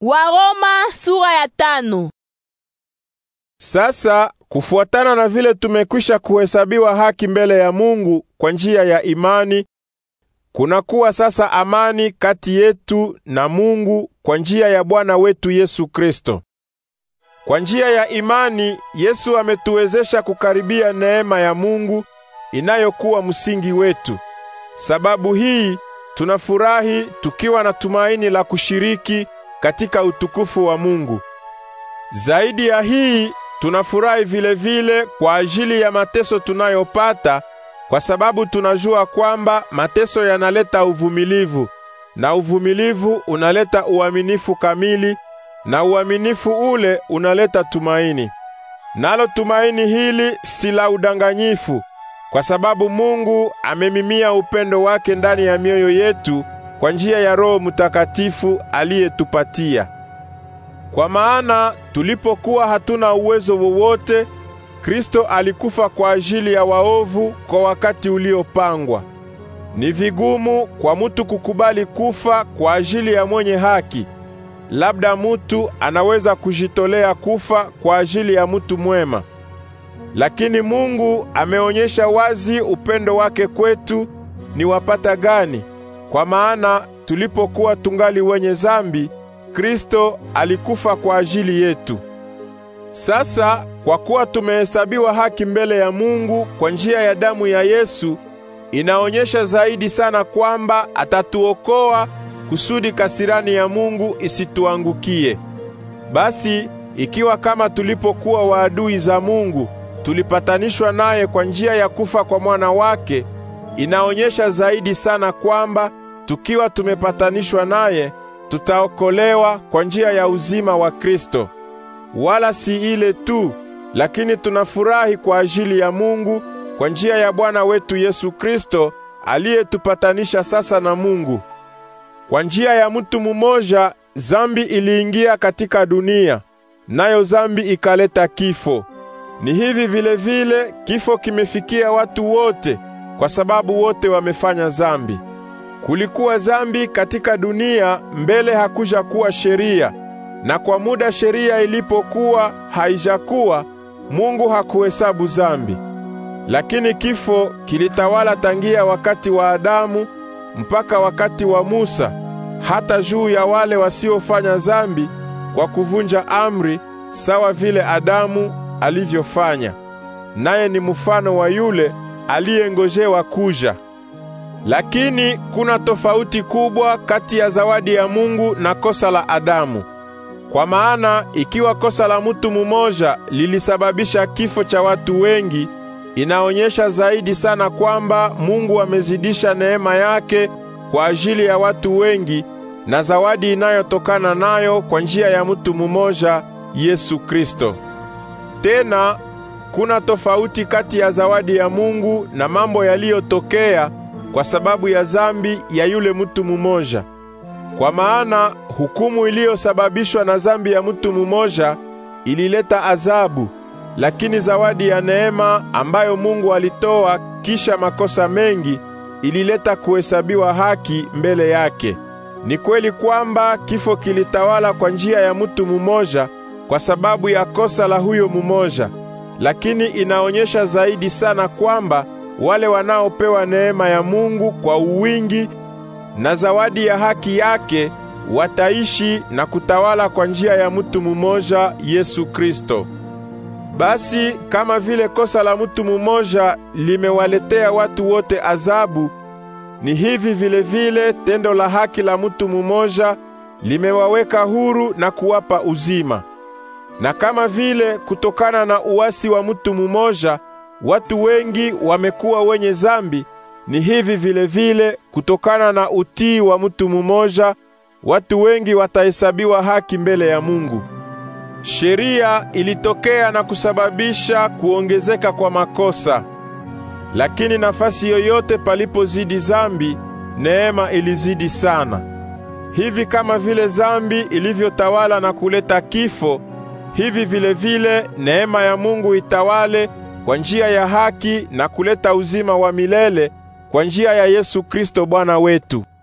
Waroma sura ya tano. Sasa kufuatana na vile tumekwisha kuhesabiwa haki mbele ya Mungu kwa njia ya imani, kunakuwa sasa amani kati yetu na Mungu kwa njia ya Bwana wetu Yesu Kristo. Kwa njia ya imani Yesu ametuwezesha kukaribia neema ya Mungu inayokuwa msingi wetu. Sababu hii tunafurahi tukiwa na tumaini la kushiriki katika utukufu wa Mungu. Zaidi ya hii, tunafurahi vile vile kwa ajili ya mateso tunayopata kwa sababu tunajua kwamba mateso yanaleta uvumilivu na uvumilivu unaleta uaminifu kamili na uaminifu ule unaleta tumaini. Nalo tumaini hili si la udanganyifu, kwa sababu Mungu amemimia upendo wake ndani ya mioyo yetu kwa njia ya Roho Mtakatifu aliyetupatia. Kwa maana tulipokuwa hatuna uwezo wowote, Kristo alikufa kwa ajili ya waovu kwa wakati uliopangwa. Ni vigumu kwa mutu kukubali kufa kwa ajili ya mwenye haki. Labda mutu anaweza kujitolea kufa kwa ajili ya mutu mwema. Lakini Mungu ameonyesha wazi upendo wake kwetu ni wapata gani? Kwa maana tulipokuwa tungali wenye zambi, Kristo alikufa kwa ajili yetu. Sasa kwa kuwa tumehesabiwa haki mbele ya Mungu kwa njia ya damu ya Yesu, inaonyesha zaidi sana kwamba atatuokoa kusudi kasirani ya Mungu isituangukie. Basi ikiwa kama tulipokuwa waadui za Mungu, tulipatanishwa naye kwa njia ya kufa kwa mwana wake inaonyesha zaidi sana kwamba tukiwa tumepatanishwa naye tutaokolewa kwa njia ya uzima wa Kristo. Wala si ile tu, lakini tunafurahi kwa ajili ya Mungu kwa njia ya Bwana wetu Yesu Kristo aliyetupatanisha sasa na Mungu. Kwa njia ya mtu mmoja zambi iliingia katika dunia, nayo zambi ikaleta kifo. Ni hivi vile vile kifo kimefikia watu wote kwa sababu wote wamefanya zambi. Kulikuwa zambi katika dunia mbele hakuja kuwa sheria, na kwa muda sheria ilipokuwa haijakuwa, Mungu hakuhesabu zambi. Lakini kifo kilitawala tangia wakati wa Adamu mpaka wakati wa Musa, hata juu ya wale wasiofanya zambi kwa kuvunja amri, sawa vile Adamu alivyofanya. Naye ni mfano wa yule aliyengojewa kuja. Lakini kuna tofauti kubwa kati ya zawadi ya Mungu na kosa la Adamu. Kwa maana ikiwa kosa la mutu mumoja lilisababisha kifo cha watu wengi, inaonyesha zaidi sana kwamba Mungu amezidisha neema yake kwa ajili ya watu wengi na zawadi inayotokana nayo kwa njia ya mutu mumoja Yesu Kristo. Tena Hakuna tofauti kati ya zawadi ya Mungu na mambo yaliyotokea kwa sababu ya zambi ya yule mtu mumoja. Kwa maana hukumu iliyosababishwa na zambi ya mtu mumoja ilileta azabu, lakini zawadi ya neema ambayo Mungu alitoa kisha makosa mengi ilileta kuhesabiwa haki mbele yake. Ni kweli kwamba kifo kilitawala kwa njia ya mtu mumoja kwa sababu ya kosa la huyo mumoja lakini inaonyesha zaidi sana kwamba wale wanaopewa neema ya Mungu kwa uwingi na zawadi ya haki yake wataishi na kutawala kwa njia ya mtu mumoja Yesu Kristo. Basi kama vile kosa la mtu mumoja limewaletea watu wote azabu ni hivi vile vile tendo la haki la mtu mumoja limewaweka huru na kuwapa uzima. Na kama vile kutokana na uasi wa mtu mumoja watu wengi wamekuwa wenye zambi, ni hivi vile vile kutokana na utii wa mtu mumoja watu wengi watahesabiwa haki mbele ya Mungu. Sheria ilitokea na kusababisha kuongezeka kwa makosa, lakini nafasi yoyote palipozidi zambi, neema ilizidi sana. Hivi kama vile zambi ilivyotawala na kuleta kifo hivi vile vile neema ya Mungu itawale kwa njia ya haki na kuleta uzima wa milele kwa njia ya Yesu Kristo Bwana wetu.